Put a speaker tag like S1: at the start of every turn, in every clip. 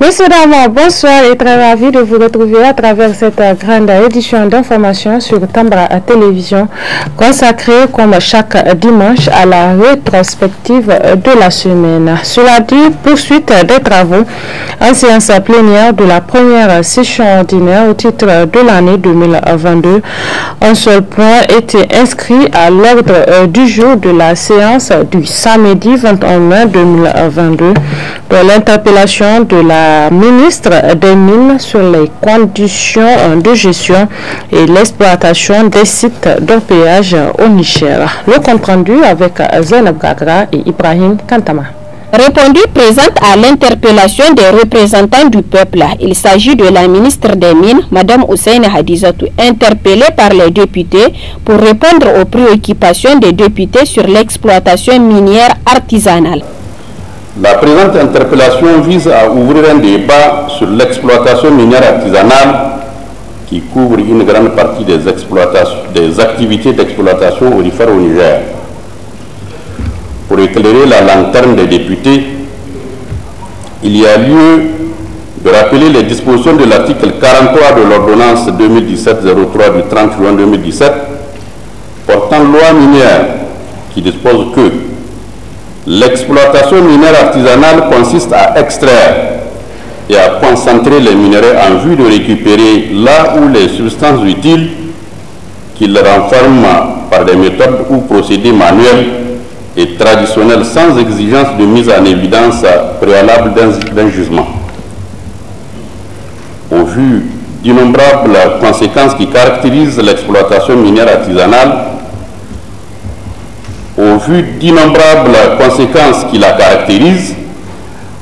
S1: Monsieur dames, bonsoir et très ravi de vous retrouver à travers cette grande édition d'information sur Tambra à Télévision consacrée comme chaque dimanche à la rétrospective de la semaine. Cela dit, poursuite des travaux en séance plénière de la première session ordinaire au titre de l'année 2022. Un seul point était inscrit à l'ordre euh, du jour de la séance du samedi 21 mai 2022 dans l'interpellation de la ministre des Mines sur les conditions de gestion et l'exploitation des sites d'orpaillage au Niger. Le compte rendu avec Zainab
S2: Gagra et Ibrahim Kantama répondu présente à l'interpellation des représentants du peuple. Il s'agit de la ministre des Mines, Madame Hussein Hadizatou, interpellée par les députés pour répondre aux préoccupations des députés sur l'exploitation minière artisanale.
S3: La présente interpellation vise à ouvrir un débat sur l'exploitation minière artisanale qui couvre une grande partie des, activités d'exploitation aurifère au Niger. Pour éclairer la lanterne des députés, il y a lieu de rappeler les dispositions de l'article 43 de l'ordonnance 2017-03 du 30 juin 2017 portant loi minière qui dispose que L'exploitation minière artisanale consiste à extraire et à concentrer les minéraux en vue de récupérer là où les substances utiles qu'ils renferment par des méthodes ou procédés manuels et traditionnels sans exigence de mise en évidence préalable d'un jugement. Au vu d'innombrables conséquences qui caractérisent l'exploitation minière artisanale, vu d'innombrables conséquences qui la caractérisent,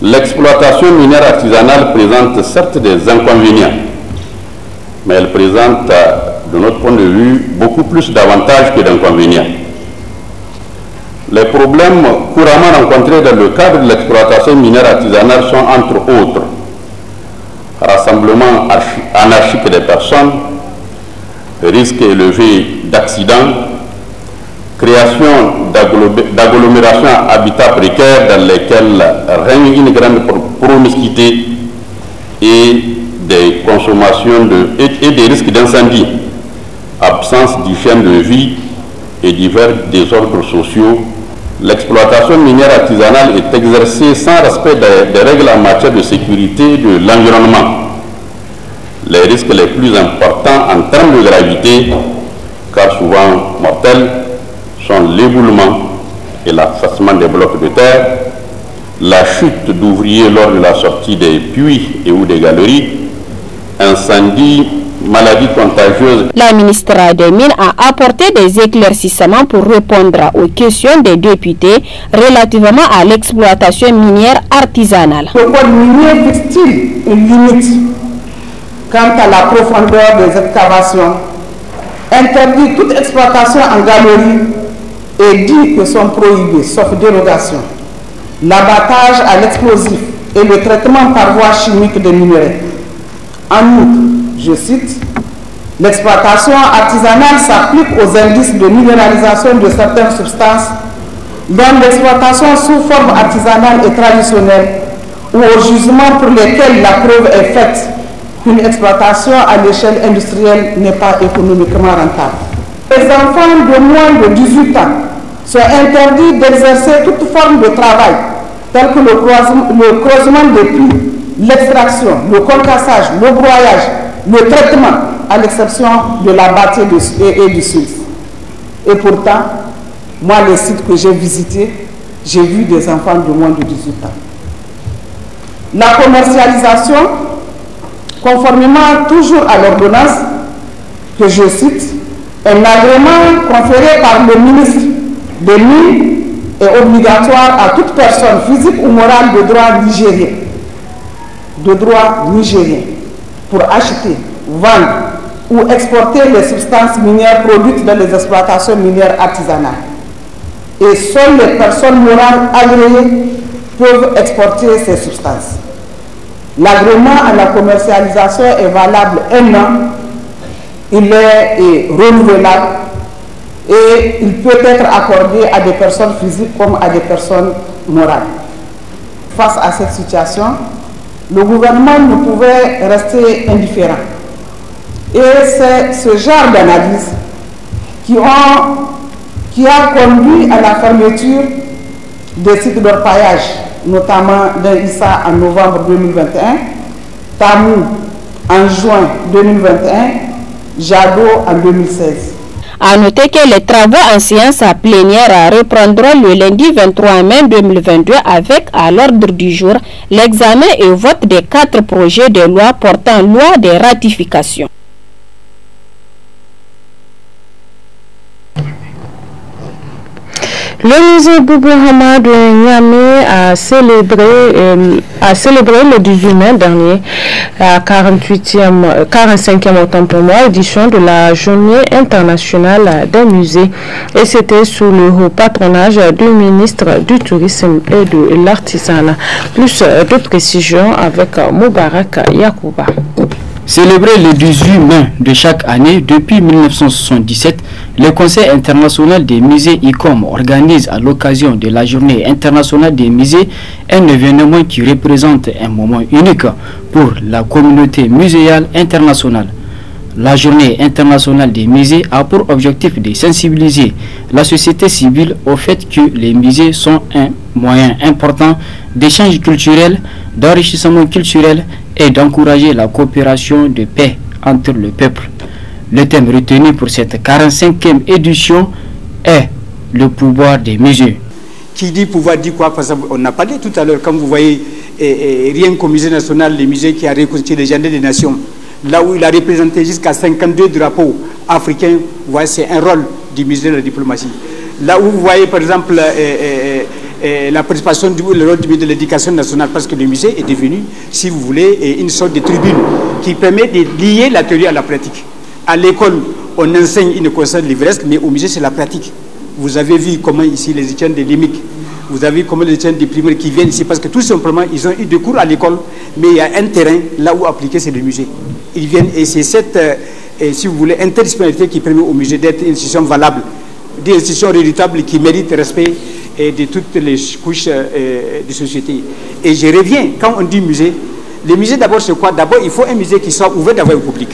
S3: l'exploitation minière artisanale présente certes des inconvénients, mais elle présente, de notre point de vue, beaucoup plus d'avantages que d'inconvénients. Les problèmes couramment rencontrés dans le cadre de l'exploitation minière artisanale sont entre autres rassemblement anarchique des personnes, risque élevé d'accidents, création d'agglomérations habitat précaires dans lesquelles règne une grande promiscuité et des consommations et, des risques d'incendie, absence d'hygiène de vie et divers désordres sociaux. L'exploitation minière artisanale est exercée sans respect des, des règles en matière de sécurité de l'environnement. Les risques les plus importants en termes de gravité, car souvent mortels, sont l'éboulement et l'affaissement des blocs de terre, la chute d'ouvriers lors de la sortie des puits et ou des galeries, incendies, maladies contagieuses.
S2: La ministre des Mines a apporté des éclaircissements pour répondre aux questions des députés relativement à l'exploitation minière artisanale. Le limite quant à la profondeur des excavations,
S4: interdit toute exploitation en galerie et dit que sont prohibés, sauf dérogation, l'abattage à l'explosif et le traitement par voie chimique des minerais. En outre, je cite, l'exploitation artisanale s'applique aux indices de minéralisation de certaines substances dont l'exploitation sous forme artisanale et traditionnelle ou au jugement pour lequel la preuve est faite qu'une exploitation à l'échelle industrielle n'est pas économiquement rentable les enfants de moins de 18 ans sont interdits d'exercer toute forme de travail, tel que le creusement, des puits, l'extraction, le concassage, le broyage, le traitement, à l'exception de la bâtie et du Suisse. Et pourtant, moi, les sites que j'ai visités, j'ai vu des enfants de moins de 18 ans. La commercialisation, conformément toujours à l'ordonnance que je cite, un agrément conféré par le ministre de Mines est obligatoire à toute personne physique ou morale de droit nigérien, de droit nigérien, pour acheter, vendre ou exporter les substances minières produites dans les exploitations minières artisanales. Et seules les personnes morales agréées peuvent exporter ces substances. L'agrément à la commercialisation est valable un an il est renouvelable et il peut être accordé à des personnes physiques comme à des personnes morales. Face à cette situation, le gouvernement ne pouvait rester indifférent. Et c'est ce genre d'analyse qui, qui a conduit à la fermeture des sites de d'orpaillage, notamment d'un ISA en novembre 2021,
S2: Tamou en juin 2021 Jadot en 2016. À noter que les travaux en séance à plénière reprendront le lundi 23 mai 2022 avec à l'ordre du jour l'examen et vote des quatre projets de loi portant loi des ratifications. Euh, euh, le musée Boubou
S1: de Niamey a célébré, le 18 mai dernier la 48e, 45e autant pour moi édition de la Journée internationale des musées et c'était sous le patronage du ministre du Tourisme et de l'Artisanat. Plus euh, de précision avec Moubarak Yakouba.
S5: Célébré le 18 mai de chaque année depuis 1977, le Conseil international des musées ICOM organise à l'occasion de la Journée internationale des musées un événement qui représente un moment unique pour la communauté muséale internationale. La journée internationale des musées a pour objectif de sensibiliser la société civile au fait que les musées sont un moyen important d'échange culturel, d'enrichissement culturel et d'encourager la coopération de paix entre le peuple. Le thème retenu pour cette 45e édition est le pouvoir des musées.
S6: Qui dit pouvoir dit quoi Parce n'a on a parlé tout à l'heure, comme vous voyez, rien qu'au musée national, le musées qui a reconstitué les jardins des nations, là où il a représenté jusqu'à 52 drapeaux africains, c'est un rôle du musée de la diplomatie. Là où vous voyez, par exemple, euh, euh, euh, la participation du du du de l'éducation nationale, parce que le musée est devenu, si vous voulez, une sorte de tribune qui permet de lier la théorie à la pratique. À l'école, on enseigne une conscience l'ivresse mais au musée, c'est la pratique. Vous avez vu comment ici les étudiants de l'IMIC, vous avez vu comment les étudiants des primaires qui viennent ici, parce que tout simplement, ils ont eu des cours à l'école, mais il y a un terrain là où appliquer, c'est le musée. Ils viennent, et c'est cette, euh, si vous voulez, interdisciplinarité qui permet au musée d'être une institution valable, une institution redoutable qui méritent respect et de toutes les couches euh, de société. Et je reviens, quand on dit musée, le musée d'abord c'est quoi D'abord il faut un musée qui soit ouvert d'abord au public.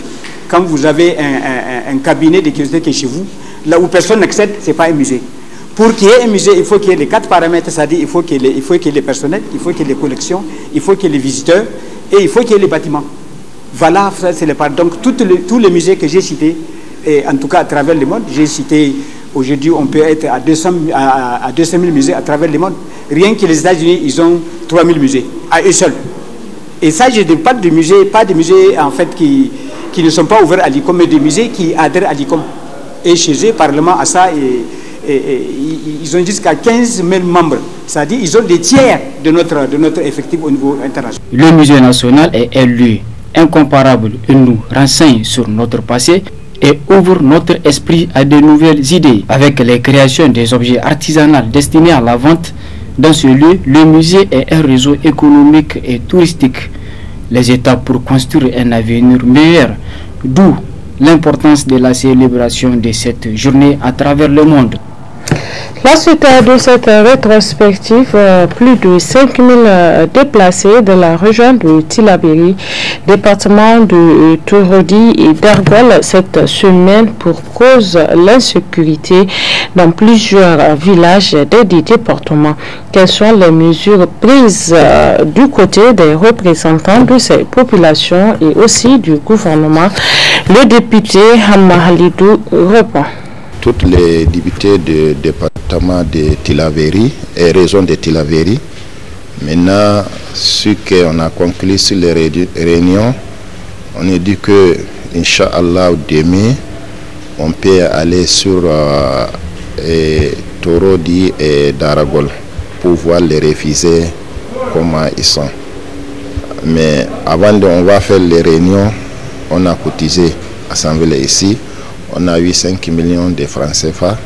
S6: Quand vous avez un, cabinet de curiosité qui est chez vous, là où personne n'accède, ce n'est pas un musée. Pour qu'il y ait un musée, il faut qu'il y ait les quatre paramètres, c'est-à-dire il faut qu'il y, qu y, ait les personnels, il faut qu'il y ait les collections, il faut qu'il y ait les visiteurs et il faut qu'il y ait les bâtiments. Voilà, c'est le part. Donc tous les musées que j'ai cités, et en tout cas à travers le monde, j'ai cité Aujourd'hui, on peut être à 200, à, 000 musées à travers le monde. Rien que les États-Unis, ils ont 3 000 musées, à eux seuls. Et ça, je ne parle de musées, pas de musées en fait qui, qui ne sont pas ouverts à l'ICOM, mais des musées qui adhèrent à l'ICOM. Et chez eux, Parlement à ça, et, ils ont jusqu'à 15 000 membres. C'est-à-dire ils ont des tiers de notre, de notre effectif au niveau international.
S5: Le musée national est élu, incomparable, et nous renseigne sur notre passé et ouvre notre esprit à de nouvelles idées. Avec les créations des objets artisanaux destinés à la vente, dans ce lieu, le musée est un réseau économique et touristique. Les étapes pour construire un avenir meilleur, d'où l'importance de la célébration
S1: de cette journée à travers le monde. La suite de cette rétrospective, euh, plus de 5000 euh, déplacés de la région de Tilabéry, département de euh, Tourodi et d'Argol cette semaine pour cause l'insécurité dans plusieurs villages des départements. Quelles sont les mesures prises du côté des représentants de ces populations et aussi du gouvernement Le député Hamma Halidou répond
S7: toutes les députés du département de Tilaveri et région de Tilaveri. Maintenant, ce qu'on a conclu sur les réunions, on a dit que, Inch'Allah, demain, on peut aller sur euh, et Torodi et Daragol pour voir les réfugiés, comment ils sont. Mais avant de, on va faire les réunions, on a cotisé, assemblé ici, on a eu 5 millions de francs CFA.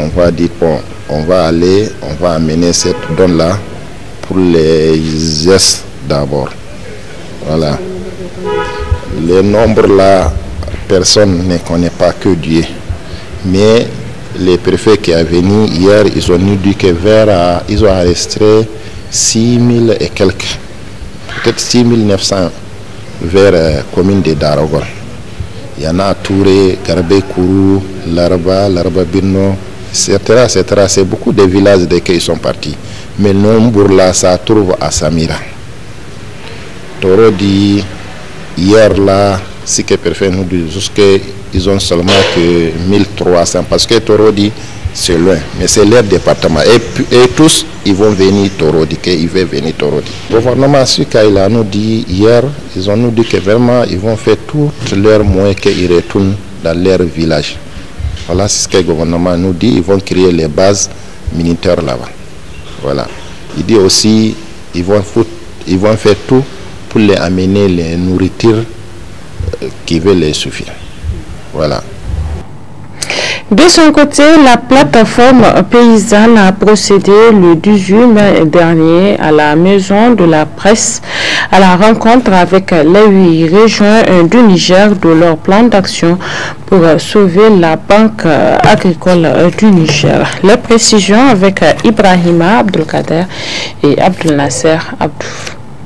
S7: On va dire, bon, on va aller, on va amener cette donne-là pour les gestes d'abord. Voilà. Le nombre là, personne ne connaît pas que Dieu. Mais les préfets qui sont venus hier, ils ont dit que vers, euh, ils ont arrêté 6 000 et quelques, peut-être 6 900 vers la euh, commune de Darogor. Il y en à Touré, Garbekourou, Kourou, Larba, Larba Birno, etc. C'est beaucoup de villages desquels ils sont partis. Mais nombre là, ça trouve à Samira. Toro dit, hier là, qui que parfait nous dit, jusqu'à ils ont seulement que 1300. Parce que Toro dit, c'est loin, mais c'est leur département. Et, tous, ils vont venir Torodi, ils vont venir Torodi. Le gouvernement qu'il a nous dit hier, ils ont nous dit que vraiment, ils vont faire tous leurs moyens qu'ils retournent dans leur village. Voilà ce que le gouvernement nous dit, ils vont créer les bases militaires là-bas. Voilà. Il dit aussi, ils vont, ils vont faire tout pour les amener les nourritures euh, qui veulent les suffire. Voilà.
S1: De son côté, la plateforme paysanne a procédé le 18 mai dernier à la maison de la presse à la rencontre avec les huit régions du Niger de leur plan d'action pour sauver la banque agricole du Niger. Les précisions avec Ibrahima Abdelkader et Abdel Nasser Abdou.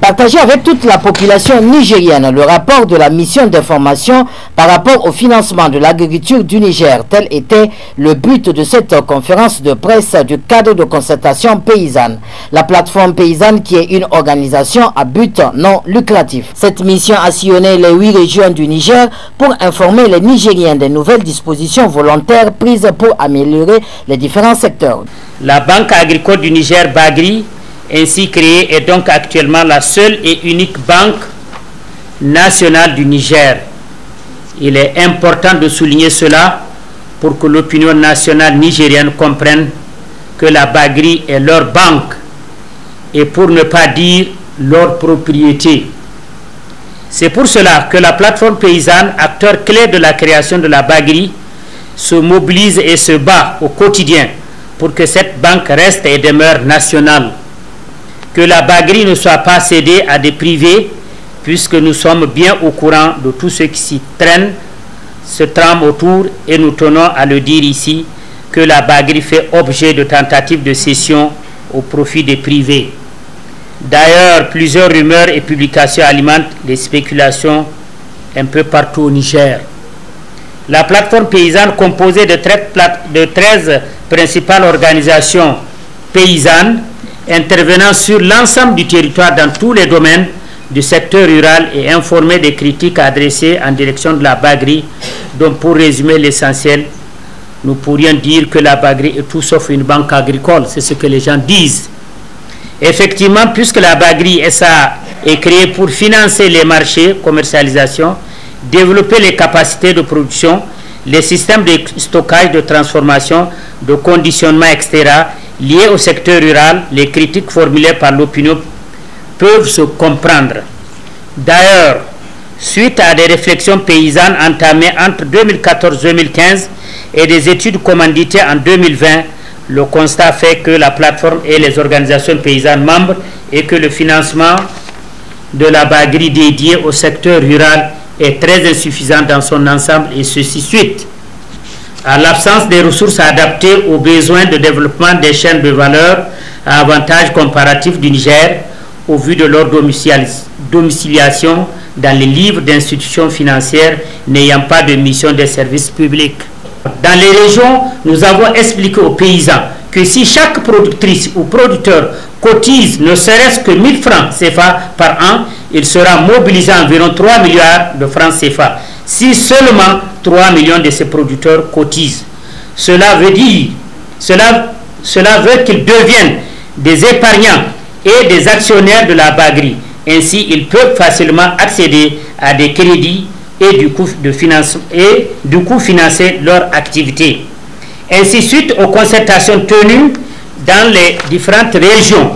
S1: Partager avec toute la population
S8: nigérienne, le rapport de la mission d'information par rapport au financement de l'agriculture du Niger, tel était le but de cette conférence de presse du cadre de concertation paysanne. La plateforme paysanne qui est une organisation à but non lucratif. Cette mission a sillonné les huit régions du Niger pour informer les Nigériens des nouvelles dispositions
S9: volontaires prises pour améliorer les différents secteurs. La Banque agricole du Niger, Bagri, ainsi créée est donc actuellement la seule et unique banque nationale du Niger. Il est important de souligner cela pour que l'opinion nationale nigérienne comprenne que la Bagri est leur banque et pour ne pas dire leur propriété. C'est pour cela que la plateforme paysanne, acteur clé de la création de la Bagri, se mobilise et se bat au quotidien pour que cette banque reste et demeure nationale que la baguerie ne soit pas cédée à des privés, puisque nous sommes bien au courant de tout ce qui s'y traîne, se trame autour, et nous tenons à le dire ici, que la baguerie fait objet de tentatives de cession au profit des privés. D'ailleurs, plusieurs rumeurs et publications alimentent les spéculations un peu partout au Niger. La plateforme paysanne, composée de 13 principales organisations paysannes, intervenant sur l'ensemble du territoire dans tous les domaines du secteur rural et informé des critiques adressées en direction de la Bagri. Donc pour résumer l'essentiel, nous pourrions dire que la Bagri est tout sauf une banque agricole, c'est ce que les gens disent. Effectivement, puisque la Bagri SA est créée pour financer les marchés, commercialisation, développer les capacités de production, les systèmes de stockage, de transformation, de conditionnement, etc., Liés au secteur rural, les critiques formulées par l'opinion peuvent se comprendre. D'ailleurs, suite à des réflexions paysannes entamées entre 2014-2015 et des études commanditées en 2020, le constat fait que la plateforme et les organisations paysannes membres et que le financement de la baguerie dédiée au secteur rural est très insuffisant dans son ensemble et ceci suite à l'absence des ressources adaptées aux besoins de développement des chaînes de valeur à avantage comparatif du Niger au vu de leur domiciliation dans les livres d'institutions financières n'ayant pas de mission des services public. Dans les régions, nous avons expliqué aux paysans que si chaque productrice ou producteur cotise ne serait-ce que 1000 francs CFA par an, il sera mobilisé environ 3 milliards de francs CFA si seulement 3 millions de ces producteurs cotisent. Cela veut dire, cela, cela veut qu'ils deviennent des épargnants et des actionnaires de la Bagri. Ainsi, ils peuvent facilement accéder à des crédits et du coup, de finance, et du coup financer leur activité. Ainsi, suite aux concertations tenues dans les différentes régions,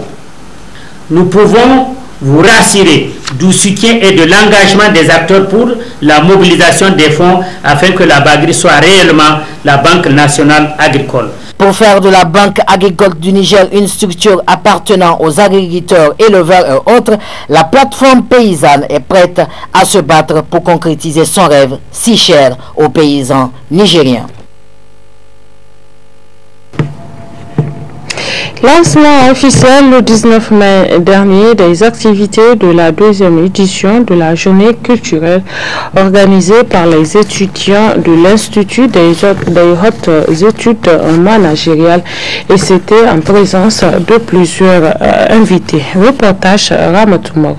S9: nous pouvons vous rassurez du soutien et de l'engagement des acteurs pour la mobilisation des fonds afin que la Bagri soit réellement la Banque nationale agricole.
S8: Pour faire de la Banque agricole du Niger une structure appartenant aux agriculteurs, éleveurs et autres, la plateforme paysanne est prête à se battre pour concrétiser son rêve si cher aux paysans nigériens.
S1: Lancement officiel le 19 mai dernier des activités de la deuxième édition de la journée culturelle organisée par les étudiants de l'Institut des, hautes études managériales et c'était en présence de plusieurs euh, invités. Reportage Ramatoumou.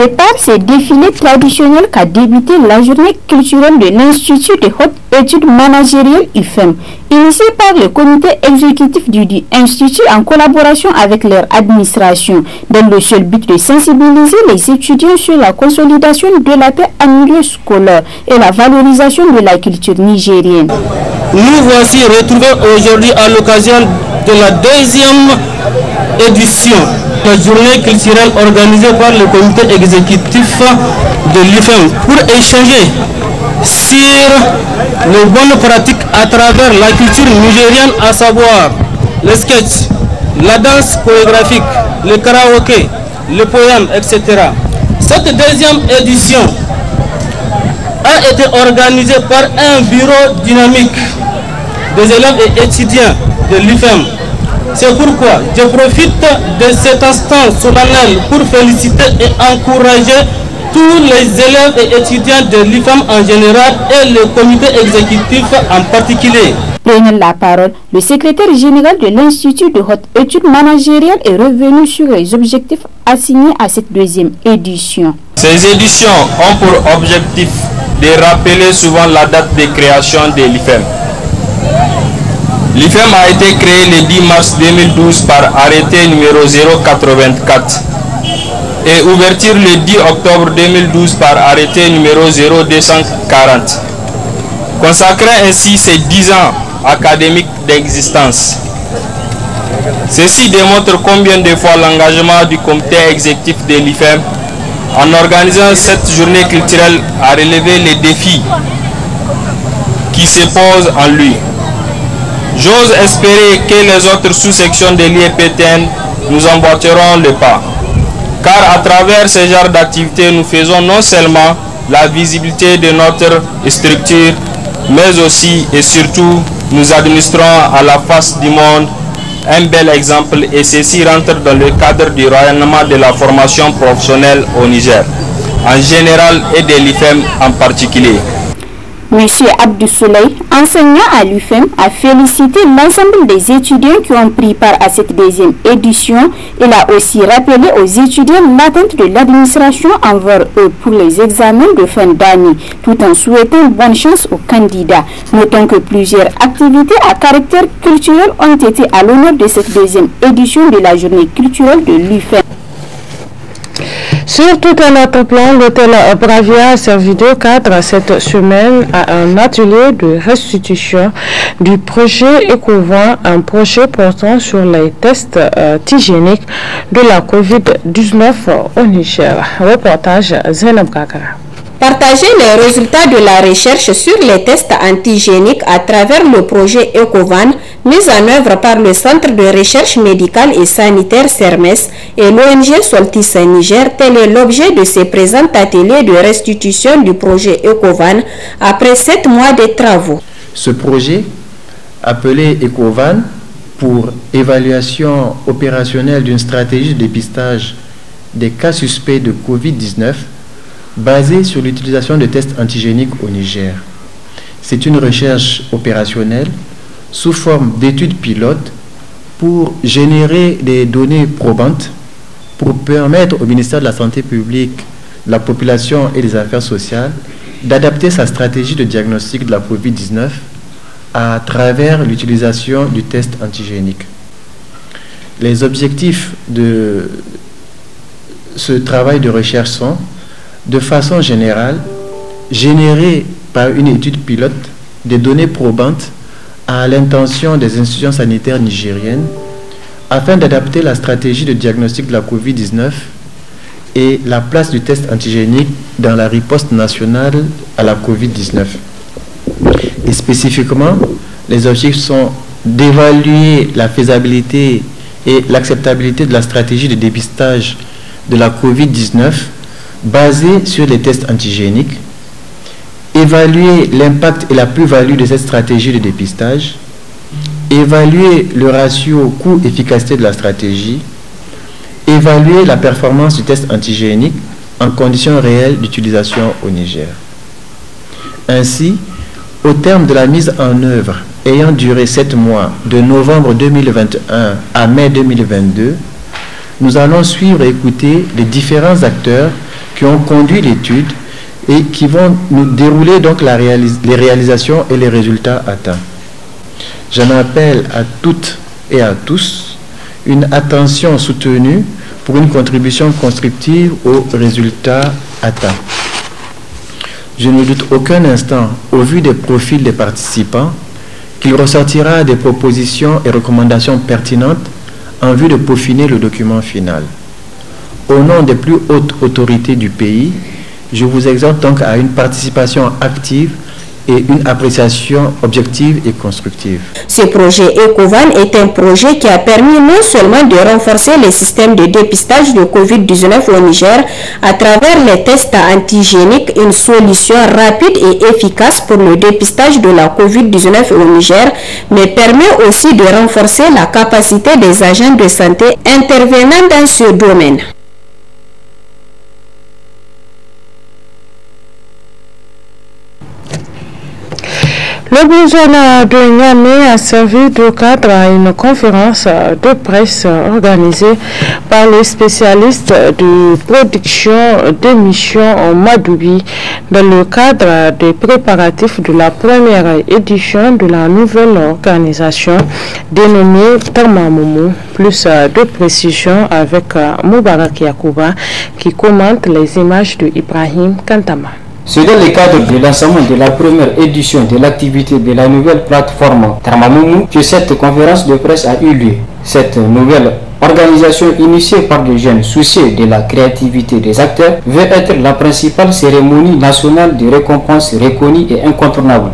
S1: Et par ces défilés
S2: traditionnels qu'a débuté la journée culturelle de l'Institut de haute études managériales IFEM, initiée par le comité exécutif du, dit Institut en collaboration avec leur administration, dans le seul but de sensibiliser les étudiants sur la consolidation de la paix en milieu scolaire et la valorisation de la culture nigérienne. Nous voici
S10: retrouvés aujourd'hui à
S2: l'occasion de la deuxième
S10: édition journée culturelle organisée par le comité exécutif de l'IFEM pour échanger sur les bonnes pratiques à travers la culture nigériane, à savoir le sketch, la danse chorégraphique, le karaoké, le poème, etc. Cette deuxième édition a été organisée par un bureau dynamique des élèves et étudiants de l'IFEM c'est pourquoi je profite de cet instant solennel pour féliciter et encourager tous les élèves et étudiants de l'IFEM en général et le comité exécutif en particulier.
S2: Prenant la parole, le secrétaire général de l'Institut de haute étude managériale est revenu sur les objectifs assignés à cette deuxième édition.
S10: Ces éditions ont pour objectif de rappeler souvent la date de création de l'IFEM. L'IFEM a été créé le 10 mars 2012 par arrêté numéro 084 et ouverture le 10 octobre 2012 par arrêté numéro 0240, consacrant ainsi ses 10 ans académiques d'existence. Ceci démontre combien de fois l'engagement du comité exécutif de l'IFEM en organisant cette journée culturelle a relevé les défis qui se posent en lui. J'ose espérer que les autres sous-sections de l'IEPTN nous emboîteront le pas. Car à travers ce genre d'activités, nous faisons non seulement la visibilité de notre structure, mais aussi et surtout, nous administrons à la face du monde un bel exemple et ceci rentre dans le cadre du rayonnement de la formation professionnelle au Niger, en général et de l'IFEM en particulier.
S2: Monsieur Abdou Soleil, enseignant à l'UFEM, a félicité l'ensemble des étudiants qui ont pris part à cette deuxième édition. Il a aussi rappelé aux étudiants l'attente de l'administration envers eux pour les examens de fin d'année, tout en souhaitant bonne chance aux candidats. Notons que plusieurs activités à caractère culturel ont été à l'honneur de cette deuxième édition de la journée culturelle de l'UFEM. Sur tout un autre plan, l'hôtel
S1: Bravia a servi de cadre cette semaine à un atelier de restitution du projet écouvant un projet portant sur les tests euh, hygiéniques de la COVID-19 au Niger. Reportage Zenab Kakara.
S2: Partager les résultats de la recherche sur les tests antigéniques à travers le projet ECOVAN mis en œuvre par le Centre de recherche médicale et sanitaire CERMES et l'ONG saint Niger, tel est l'objet de ces présents ateliers de restitution du projet ECOVAN après sept mois de travaux. Ce projet,
S11: appelé ECOVAN pour évaluation opérationnelle d'une stratégie de dépistage des cas suspects de COVID-19, basée sur l'utilisation de tests antigéniques au Niger. C'est une recherche opérationnelle sous forme d'études pilotes pour générer des données probantes pour permettre au ministère de la Santé publique, la population et les affaires sociales d'adapter sa stratégie de diagnostic de la COVID-19 à travers l'utilisation du test antigénique. Les objectifs de ce travail de recherche sont de façon générale, générer par une étude pilote des données probantes à l'intention des institutions sanitaires nigériennes afin d'adapter la stratégie de diagnostic de la COVID-19 et la place du test antigénique dans la riposte nationale à la COVID-19. Et spécifiquement, les objectifs sont d'évaluer la faisabilité et l'acceptabilité de la stratégie de dépistage de la COVID-19 basé sur les tests antigéniques, évaluer l'impact et la plus-value de cette stratégie de dépistage, évaluer le ratio coût-efficacité de la stratégie, évaluer la performance du test antigénique en conditions réelles d'utilisation au Niger. Ainsi, au terme de la mise en œuvre ayant duré sept mois de novembre 2021 à mai 2022, nous allons suivre et écouter les différents acteurs qui ont conduit l'étude et qui vont nous dérouler donc la les réalisations et les résultats atteints. J'en appelle à toutes et à tous une attention soutenue pour une contribution constructive aux résultats atteints. Je ne doute aucun instant, au vu des profils des participants, qu'il ressortira des propositions et recommandations pertinentes en vue de peaufiner le document final. Au nom des plus hautes autorités du pays, je vous exhorte donc à une participation active et une appréciation objective et constructive.
S2: Ce projet ECOVAN est un projet qui a permis non seulement de renforcer les systèmes de dépistage de COVID-19 au Niger à travers les tests antigéniques, une solution rapide et efficace pour le dépistage de la COVID-19 au Niger, mais permet aussi de renforcer la capacité des agents de santé intervenant dans ce domaine. Le gouverneur de
S1: Niamey a servi de cadre à une conférence de presse organisée par les spécialistes de production d'émissions Madoubi dans le cadre des préparatifs de la première édition de la nouvelle organisation dénommée Tamamoumou. Plus de précision avec Moubarak Yakouba qui commente les images de Ibrahim Kantama.
S5: C'est dans le cadre de lancement de la première édition de l'activité de la nouvelle plateforme Tarmamoumou que cette conférence de presse a eu lieu. Cette nouvelle organisation initiée par des jeunes soucieux de la créativité des acteurs veut être la principale cérémonie nationale de récompense reconnue et incontournable.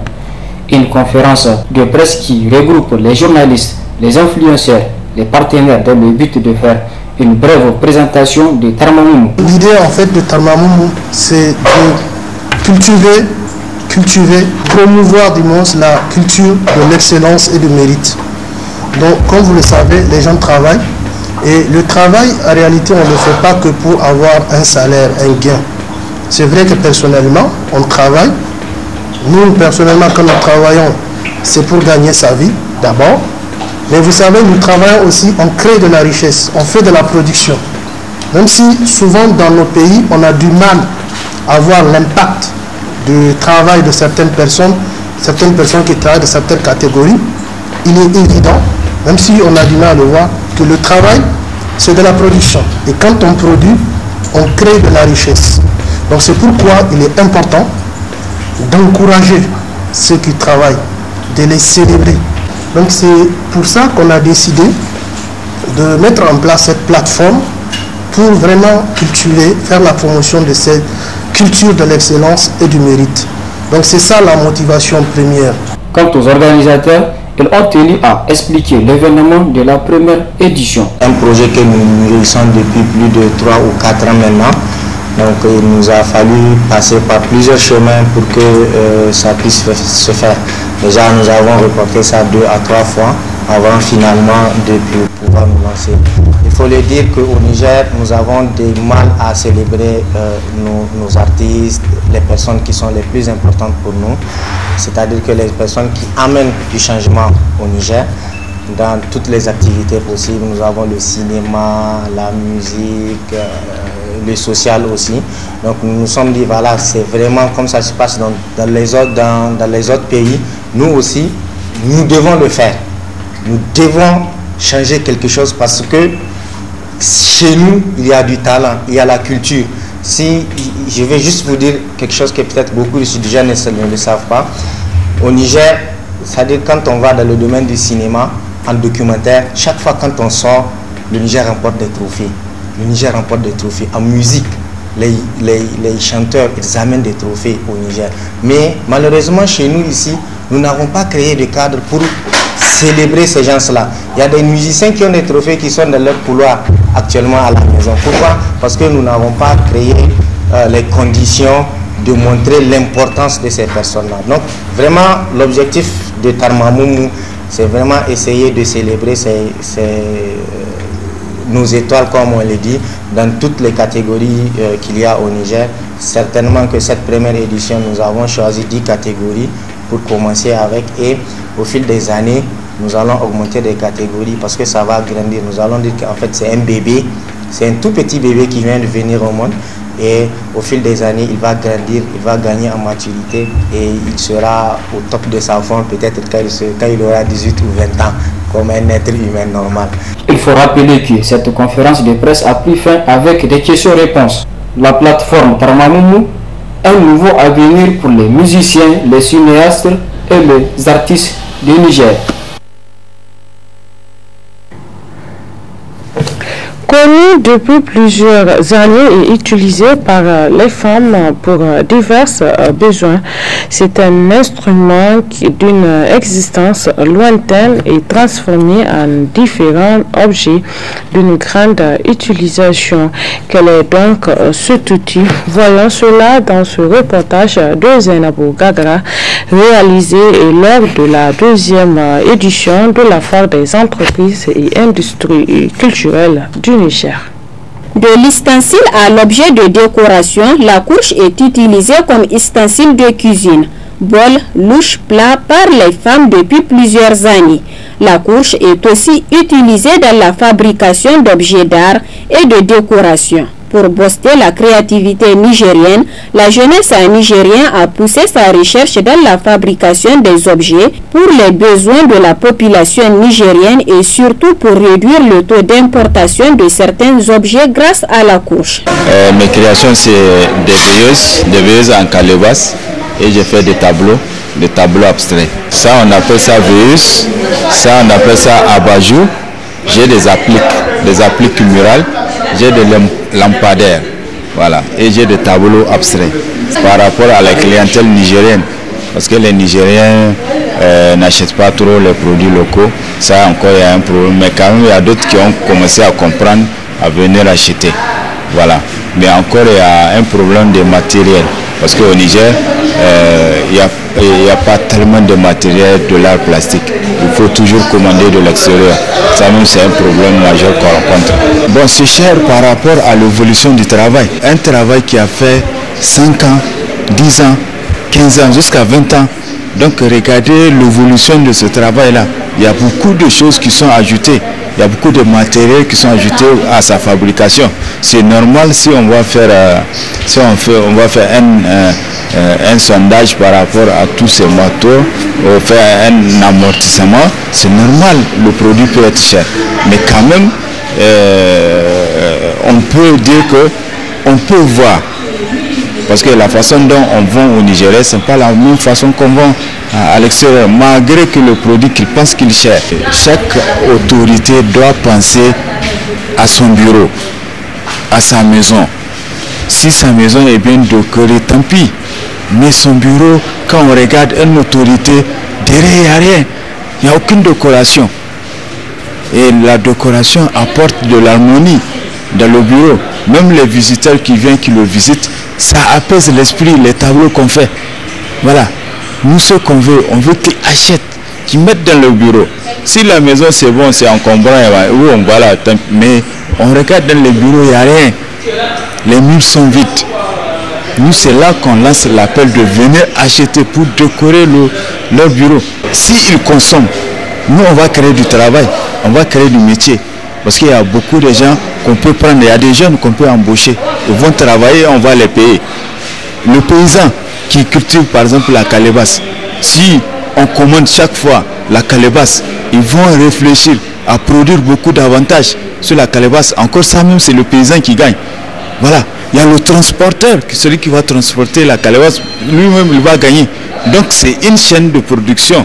S5: Une conférence de presse qui regroupe les journalistes, les influenceurs, les partenaires dans le but de faire une brève présentation de Tarmamoumou.
S12: L'idée en fait de Tarmamoumou, c'est de cultiver, cultiver, promouvoir du la culture de l'excellence et du mérite. Donc, comme vous le savez, les gens travaillent. Et le travail, en réalité, on ne le fait pas que pour avoir un salaire, un gain. C'est vrai que personnellement, on travaille. Nous, personnellement, quand nous travaillons, c'est pour gagner sa vie, d'abord. Mais vous savez, nous travaillons aussi, on crée de la richesse, on fait de la production. Même si souvent dans nos pays, on a du mal avoir l'impact du travail de certaines personnes, certaines personnes qui travaillent de certaines catégories, il est évident, même si on a du mal à le voir, que le travail, c'est de la production. Et quand on produit, on crée de la richesse. Donc c'est pourquoi il est important d'encourager ceux qui travaillent, de les célébrer. Donc c'est pour ça qu'on a décidé de mettre en place cette plateforme pour vraiment cultiver, faire la promotion de ces, culture de l'excellence et du mérite. Donc c'est ça la motivation première. Quant aux organisateurs,
S5: ils ont tenu à expliquer l'événement de la première édition. Un projet que nous
S13: nourrissons depuis plus de 3 ou 4 ans maintenant. Donc il nous a fallu passer par plusieurs chemins pour que euh, ça puisse se faire. Déjà nous avons reporté ça deux à trois fois avant finalement de, pouvoir nous lancer. Il faut le dire qu'au Niger, nous avons des mal à célébrer euh, nos, artistes, les personnes qui sont les plus importantes pour nous, c'est-à-dire que les personnes qui amènent du changement au Niger. Dans toutes les activités possibles, nous avons le cinéma, la musique, euh, le social aussi. Donc nous nous sommes dit, voilà, c'est vraiment comme ça se passe dans, les autres, dans, dans les autres pays. Nous aussi, nous devons le faire. Nous devons changer quelque chose parce que chez nous, il y a du talent, il y a la culture. Si je vais juste vous dire quelque chose que peut-être beaucoup de déjà ne, le savent pas, au Niger, c'est-à-dire quand on va dans le domaine du cinéma, en documentaire, chaque fois quand on sort, le Niger remporte des trophées. Le Niger remporte des trophées en musique. Les, chanteurs, amènent des trophées au Niger. Mais malheureusement, chez nous ici, nous n'avons pas créé de cadre pour célébrer ces gens-là. Il y a des musiciens qui ont des trophées qui sont dans leur couloir actuellement à la maison. Pourquoi Parce que nous n'avons pas créé euh, les conditions de montrer l'importance de ces personnes-là. Donc, vraiment, l'objectif de Tarmamoumou, c'est vraiment essayer de célébrer euh, nos étoiles, comme on le dit, dans toutes les catégories euh, qu'il y a au Niger. Certainement que cette première édition, nous avons choisi 10 catégories pour commencer avec et au fil des années, nous allons augmenter des catégories parce que ça va grandir. Nous allons dire qu'en fait, c'est un bébé, c'est un tout petit bébé qui vient de venir au monde. Et au fil des années, il va grandir, il va gagner en maturité et il sera au top de sa forme peut-être quand, il aura 18 ou 20 ans, comme un être humain normal. Il faut rappeler que cette conférence
S5: de presse a pris fin avec des questions-réponses. La plateforme Parmanoumou, un nouveau avenir pour les musiciens, les cinéastes et les artistes du Niger.
S1: con depuis plusieurs années et utilisé par euh, les femmes pour euh, divers euh, besoins. C'est un instrument d'une existence lointaine et transformé en différents objets d'une grande utilisation. Quel est donc cet outil Voyons cela dans ce reportage de Zainabou Gagra réalisé lors de la deuxième édition de la Foire des entreprises et industries culturelles du Niger.
S2: De l'ustensile à l'objet de décoration, la couche est utilisée comme ustensile de cuisine, bol, louche, plat par les femmes depuis plusieurs années. La couche est aussi utilisée dans la fabrication d'objets d'art et de décoration pour booster la créativité nigérienne, la jeunesse nigérienne a poussé sa recherche dans la fabrication des objets pour les besoins de la population nigérienne et surtout pour réduire le taux d'importation de certains objets grâce à la couche.
S14: Euh, mes créations, c'est des veilleuses, des veilleuses en calebasse et j'ai fais des tableaux des tableaux abstraits. Ça, on appelle ça veilleuse, ça, on appelle ça abajou, j'ai des appliques, des appliques murales, j'ai des lampadaires, voilà, et j'ai des tableaux abstraits par rapport à la clientèle nigérienne. Parce que les Nigériens euh, n'achètent pas trop les produits locaux, ça encore il y a un problème, mais quand même il y a d'autres qui ont commencé à comprendre, à venir acheter. Voilà mais encore il y a un problème de matériel. Parce qu'au Niger, euh, il n'y a, a pas tellement de matériel de l'art plastique. Il faut toujours commander de l'extérieur. Ça nous, c'est un problème majeur qu'on rencontre. Bon, c'est cher par rapport à l'évolution du travail. Un travail qui a fait 5 ans, 10 ans, 15 ans, jusqu'à 20 ans. Donc regardez l'évolution de ce travail-là. Il y a beaucoup de choses qui sont ajoutées il y a beaucoup de matériaux qui sont ajoutés à sa fabrication. C'est normal si on va faire, euh, si on fait, on va faire un, euh, euh, sondage par rapport à tous ces moteurs, on un amortissement, c'est normal, le produit peut être cher. Mais quand même, on peut dire que on peut voir. Parce que la façon dont on vend au Nigeria, ce n'est pas la même façon qu'on vend à l'extérieur, malgré que le produit qu'il pense qu'il cherche. Chaque autorité doit penser à son bureau, à sa maison. Si sa maison est bien décorée, tant pis. Mais son bureau, quand on regarde une autorité, derrière, il n'y a rien. Il n'y a aucune décoration. Et la décoration apporte de l'harmonie dans le bureau. Même les visiteurs qui viennent, qui le visitent, ça apaise l'esprit, les tableaux qu'on fait. Voilà. Nous, ce qu'on veut, on veut qu'ils achètent, qu'ils mettent dans le bureau. Si la maison, c'est bon, c'est encombrant, oui, on va là, mais on regarde dans le bureau, il n'y a rien. Les murs sont vides. Nous, c'est là qu'on lance l'appel de venir acheter pour décorer leur bureau. S'ils consomment, nous, on va créer du travail, on va créer du métier. Parce qu'il y a beaucoup de gens qu'on peut prendre, il y a des jeunes qu'on peut embaucher. Ils vont travailler, on va les payer. Le paysan, qui cultivent par exemple la calebasse, si on commande chaque fois la calebasse, ils vont réfléchir à produire beaucoup davantage sur la calebasse. Encore ça même, c'est le paysan qui gagne. Voilà. Il y a le transporteur, celui qui va transporter la calebasse, lui-même, il va gagner. Donc c'est une chaîne de production.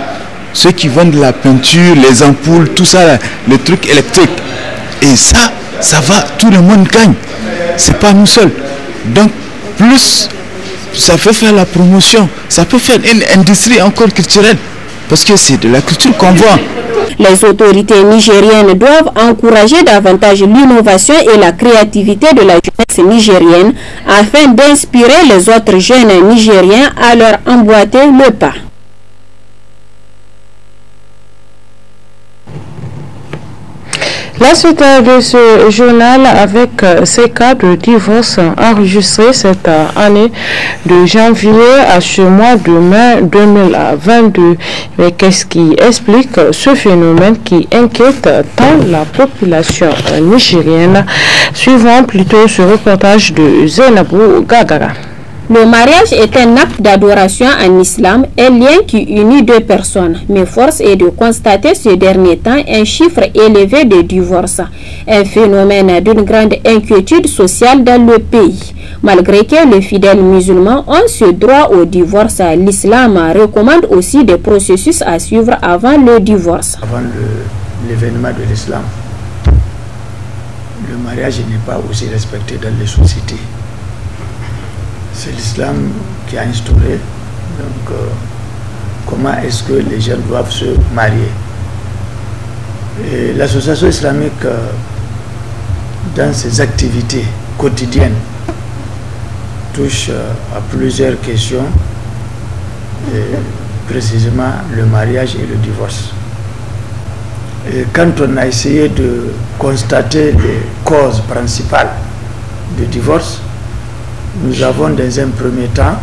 S14: Ceux qui vendent la peinture, les ampoules, tout ça, les trucs électriques. Et ça, ça va, tout le monde gagne. C'est pas nous seuls. Donc, plus ça peut faire la promotion, ça peut faire une industrie encore culturelle, parce que c'est de la culture qu'on
S2: voit. Les autorités nigériennes doivent encourager davantage l'innovation et la créativité de la jeunesse nigérienne afin d'inspirer les autres jeunes nigériens à leur emboîter le pas. La suite de ce journal
S1: avec euh, ces cas de divorce enregistrés cette euh, année de janvier à ce mois de mai 2022. Mais qu'est-ce qui explique ce phénomène qui inquiète tant la population euh, nigérienne Suivant plutôt ce reportage de Zenabou Gagara.
S2: Le mariage est un acte d'adoration en islam, un lien qui unit deux personnes, mais force est de constater ce dernier temps un chiffre élevé de divorces, un phénomène d'une grande inquiétude sociale dans le pays. Malgré que les fidèles musulmans ont ce droit au divorce, l'islam recommande aussi des processus à suivre avant le divorce.
S15: Avant l'événement de l'islam, le mariage n'est pas aussi respecté dans les sociétés c'est l'islam qui a instauré euh, comment est-ce que les jeunes doivent se marier. l'association islamique, euh, dans ses activités quotidiennes, touche euh, à plusieurs questions, précisément le mariage et le divorce. quand on a essayé de constater les causes principales du divorce, nous avons dans un premier temps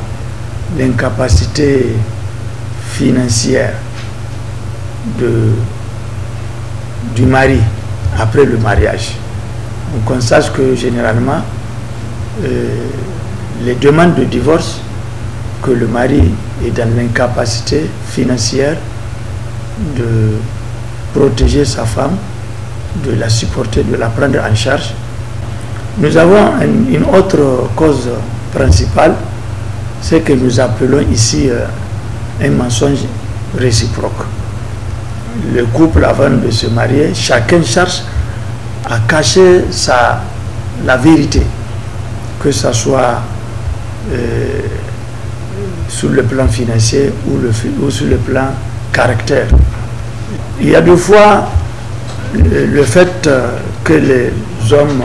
S15: l'incapacité financière du mari après le mariage. On constate que généralement, euh, les demandes de divorce, que le mari est dans l'incapacité financière de protéger sa femme, de la supporter, de la prendre en charge, nous avons une autre cause principale, c'est que nous appelons ici euh, un mensonge réciproque. Le couple, avant de se marier, chacun cherche à cacher la vérité, que ce soit euh, sur le plan financier ou, sur le plan caractère. Il y a deux fois euh, le fait que les hommes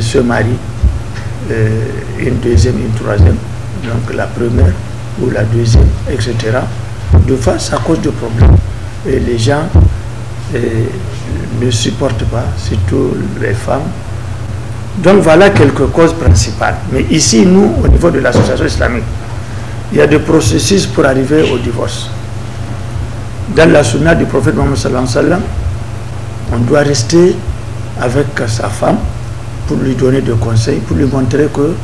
S15: se euh, marient euh, une deuxième, une troisième, donc la première ou la deuxième, etc. De face à cause de problèmes, et les gens euh, ne supportent pas, surtout les femmes. Donc voilà quelques causes principales. Mais ici, nous, au niveau de l'association islamique, il y a des processus pour arriver au divorce. Dans la sunna du prophète Mohammed, on doit rester avec sa femme pour lui donner des conseils, pour lui montrer que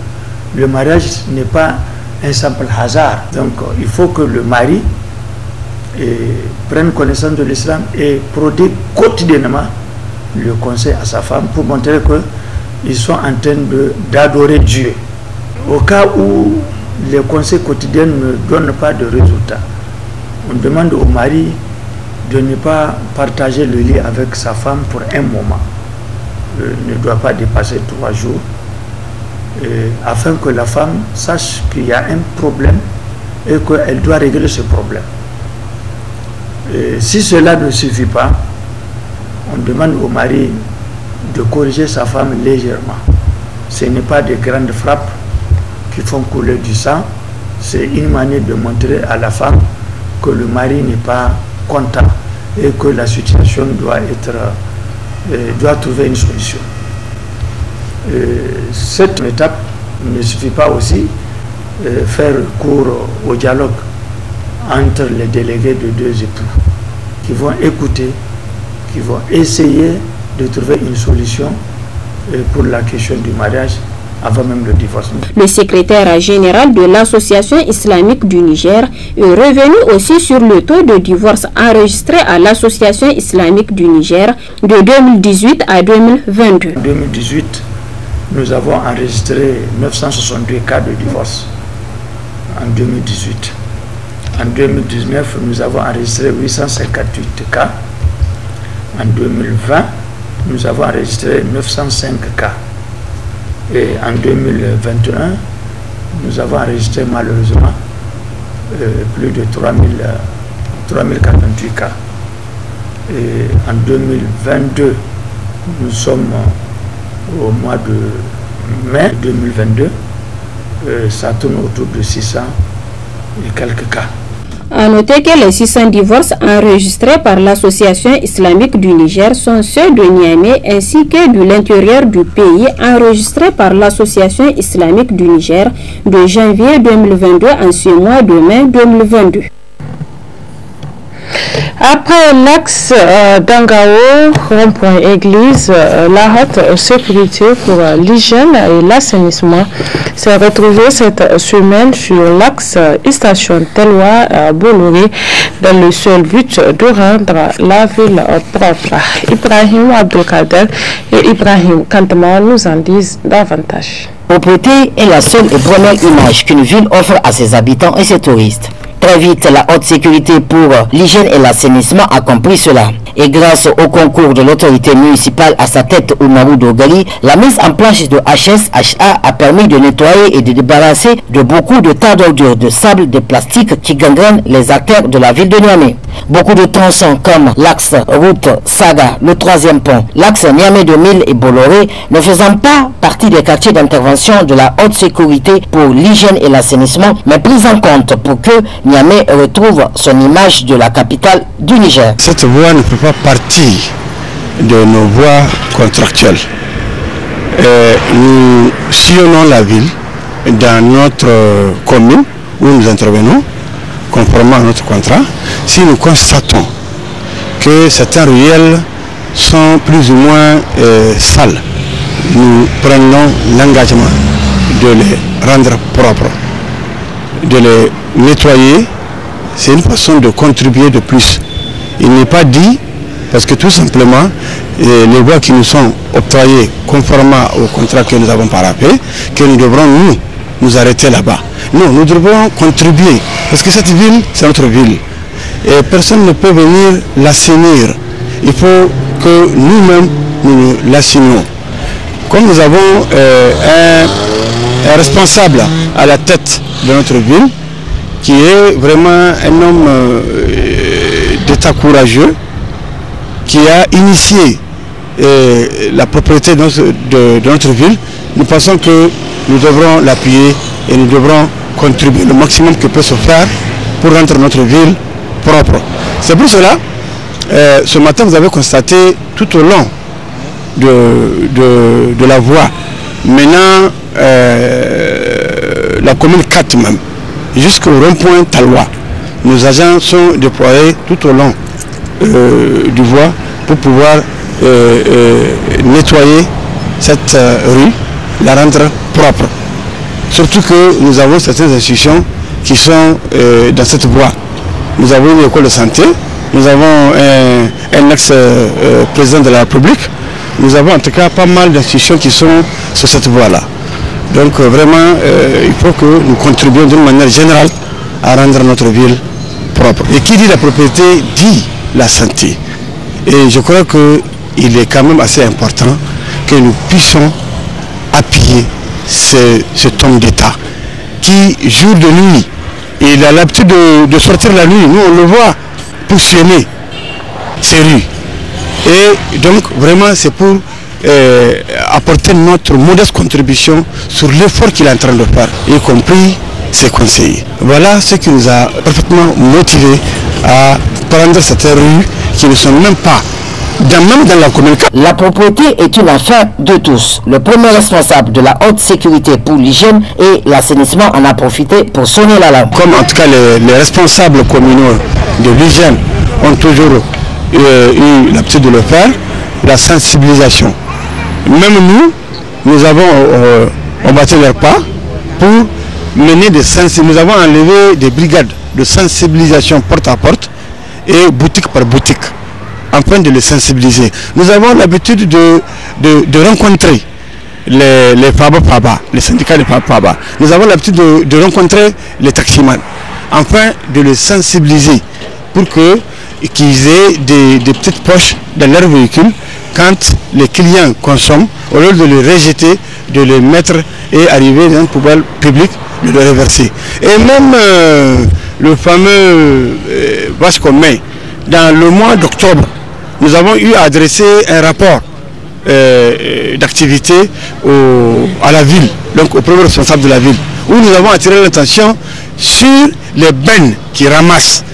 S15: le mariage n'est pas un simple hasard. Donc euh, il faut que le mari euh, prenne connaissance de l'islam et prodigue quotidiennement le conseil à sa femme pour montrer qu'ils sont en train d'adorer Dieu. Au cas où les conseils quotidiens ne donnent pas de résultat, on demande au mari de ne pas partager le lit avec sa femme pour un moment ne doit pas dépasser trois jours, afin que la femme sache qu'il y a un problème et qu'elle doit régler ce problème. si cela ne suffit pas, on demande au mari de corriger sa femme légèrement. Ce n'est pas de grandes frappes qui font couler du sang, c'est une manière de montrer à la femme que le mari n'est pas content et que la situation doit être euh, doit trouver une solution. Euh, cette étape ne suffit pas aussi euh, faire recours au dialogue entre les délégués de deux époux qui vont écouter, qui vont essayer de trouver une solution pour la question du mariage avant même le divorce.
S2: Le secrétaire général de l'Association islamique du Niger est revenu aussi sur le taux de divorce enregistré à l'Association islamique du Niger de 2018 à 2022. En 2018, nous avons enregistré 962 cas de divorce
S15: en 2018. En 2019, nous avons enregistré 858 cas. En 2020, nous avons enregistré 905 cas. Et en 2021, nous avons enregistré malheureusement euh, plus de 3048 cas. Et en 2022, nous sommes au mois de mai 2022, euh, ça tourne autour de 600 et quelques cas.
S2: À noter que les 600 divorces enregistrés par l'Association islamique du Niger sont ceux de Niamey ainsi que de l'intérieur du pays enregistrés par l'Association islamique du Niger de janvier 2022 en ce mois de mai 2022. Après
S1: l'axe euh, d'Angao, rond-point église, euh, la haute sécurité pour euh, l'hygiène et l'assainissement s'est retrouvée cette semaine sur l'axe station Telwa Bolloré dans le seul but de rendre la ville propre. Ibrahim Abdelkader et Ibrahim Kantama nous en disent davantage.
S8: Propreté est la seule et première image qu'une ville offre à ses habitants et ses touristes. Très vite, la haute sécurité pour l'hygiène et l'assainissement a compris cela. Et grâce au concours de l'autorité municipale à sa tête, Oumarou Dogali, la mise en place de HSHA a permis de nettoyer et de débarrasser de beaucoup de tas d'ordures de sable, de plastique qui gangrènent les acteurs de la ville de Niamey. Beaucoup de tronçons comme l'axe route Saga, le troisième pont, l'axe Niamey 2000 et Bolloré ne faisant pas partie des quartiers d'intervention de la haute sécurité pour l'hygiène et l'assainissement, mais pris en compte pour que Niamey retrouve son image de la capitale du Niger. Cette voie ne peut pas partir de nos voies contractuelles.
S16: Euh, nous sillonnons la ville dans notre commune où nous intervenons, conformément à notre contrat, si nous constatons que certains ruelles sont plus ou moins euh, sales, nous prenons l'engagement de les rendre propres de les nettoyer, c'est une façon de contribuer de plus. Il n'est pas dit, parce que tout simplement, les voies qui nous sont octroyées conformément au contrat que nous avons parapé, que nous devrons nous, arrêter là-bas. Non, nous devons contribuer, parce que cette ville, c'est notre ville. Et personne ne peut venir l'assainir. Il faut que nous-mêmes, nous, nous Comme nous avons euh, un un responsable à la tête de notre ville, qui est vraiment un homme euh, d'état courageux, qui a initié euh, la propriété de notre, ville. Nous pensons que nous devrons l'appuyer et nous devrons contribuer le maximum que peut se faire pour rendre notre ville propre. C'est pour cela, euh, ce matin, vous avez constaté tout au long de, de la voie. Maintenant, euh, la commune 4 même, jusqu'au rond-point Talwa. Nos agents sont déployés tout au long euh, du voie pour pouvoir euh, nettoyer cette rue, la rendre propre. Surtout que nous avons certaines institutions qui sont dans cette voie. Nous avons une école de santé, nous avons un, un ex-président de la République, nous avons en tout cas pas mal d'institutions qui sont sur cette voie-là. Donc euh, vraiment, euh, il faut que nous contribuions d'une manière générale à rendre notre ville propre. Et qui dit la propriété dit la santé. Et je crois qu'il est quand même assez important que nous puissions appuyer ce, cet homme d'État qui, jour de nuit, il a l'habitude de, de, sortir la nuit. Nous, on le voit poussionner ces rues. Et donc, vraiment, c'est pour euh, apporter notre modeste contribution sur l'effort qu'il est en train de faire, y compris ses conseillers. Voilà ce qui nous a parfaitement motivés à prendre cette rue
S8: qui ne sont même pas dans, même dans la commune. La propriété est une affaire de tous. Le premier responsable de la haute sécurité pour l'hygiène et l'assainissement en a profité pour sonner la l'alarme. Comme en tout cas les, responsables communaux de l'hygiène ont toujours
S16: euh, eu l'habitude de le faire, la sensibilisation même nous, nous avons euh, pas pour mener des sensibilisations. Nous avons enlevé des brigades de sensibilisation porte à porte et boutique par boutique, afin de les sensibiliser. Nous avons l'habitude de, rencontrer les, les les syndicats de Faba Nous avons l'habitude de, rencontrer les taximans, afin de les sensibiliser pour qu'ils aient des, des petites poches dans leur véhicule quand les clients consomment, au lieu de les rejeter, de les mettre et arriver dans une poubelle publique, de les reverser. Et même euh, le fameux vase euh, qu'on dans le mois d'octobre, nous avons eu à adresser un rapport euh, d'activité à la ville, donc au premier responsable de la ville, où nous avons attiré l'attention sur les bennes qui ramassent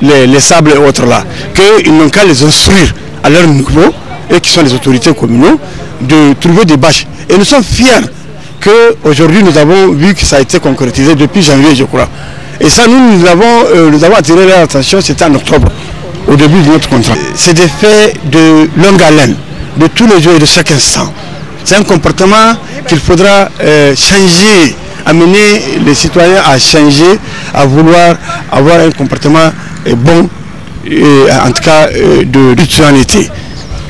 S16: les, les sables et autres là, qu'ils n'ont qu'à les instruire à leur niveau et qui sont les autorités communaux, de trouver des bâches. Et nous sommes fiers qu'aujourd'hui nous avons vu que ça a été concrétisé depuis janvier, je crois. Et ça, nous, nous avons, euh, nous avons attiré leur attention, c'était en octobre, au début de notre contrat. C'est des faits de longue haleine, de tous les jours et de chaque instant. C'est un comportement qu'il faudra euh, changer, amener les citoyens à changer, à vouloir avoir un comportement euh, bon, en tout cas
S8: de lutte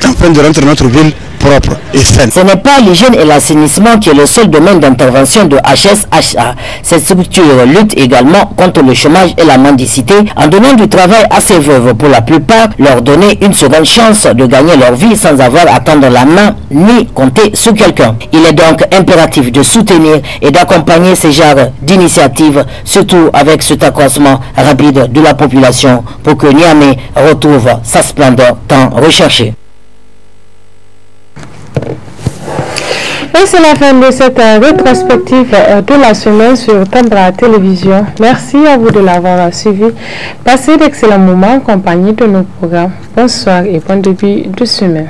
S8: afin de rendre notre ville propre et saine. Ce n'est pas l'hygiène et l'assainissement qui est le seul domaine d'intervention de HSHA. Cette structure lutte également contre le chômage et la mendicité en donnant du travail à ses veuves pour la plupart, leur donner une seconde chance de gagner leur vie sans avoir à tendre la main ni compter sur quelqu'un. Il est donc impératif de soutenir et d'accompagner ces genres d'initiatives, surtout avec cet accroissement rapide de la population pour que Niamey retrouve sa splendeur tant recherchée.
S1: Et c'est la fin de cette euh, rétrospective euh, de la semaine sur Tendra Télévision. Merci à vous de l'avoir suivi. Passez d'excellents moments en compagnie de nos programmes. Bonsoir et bon début de semaine.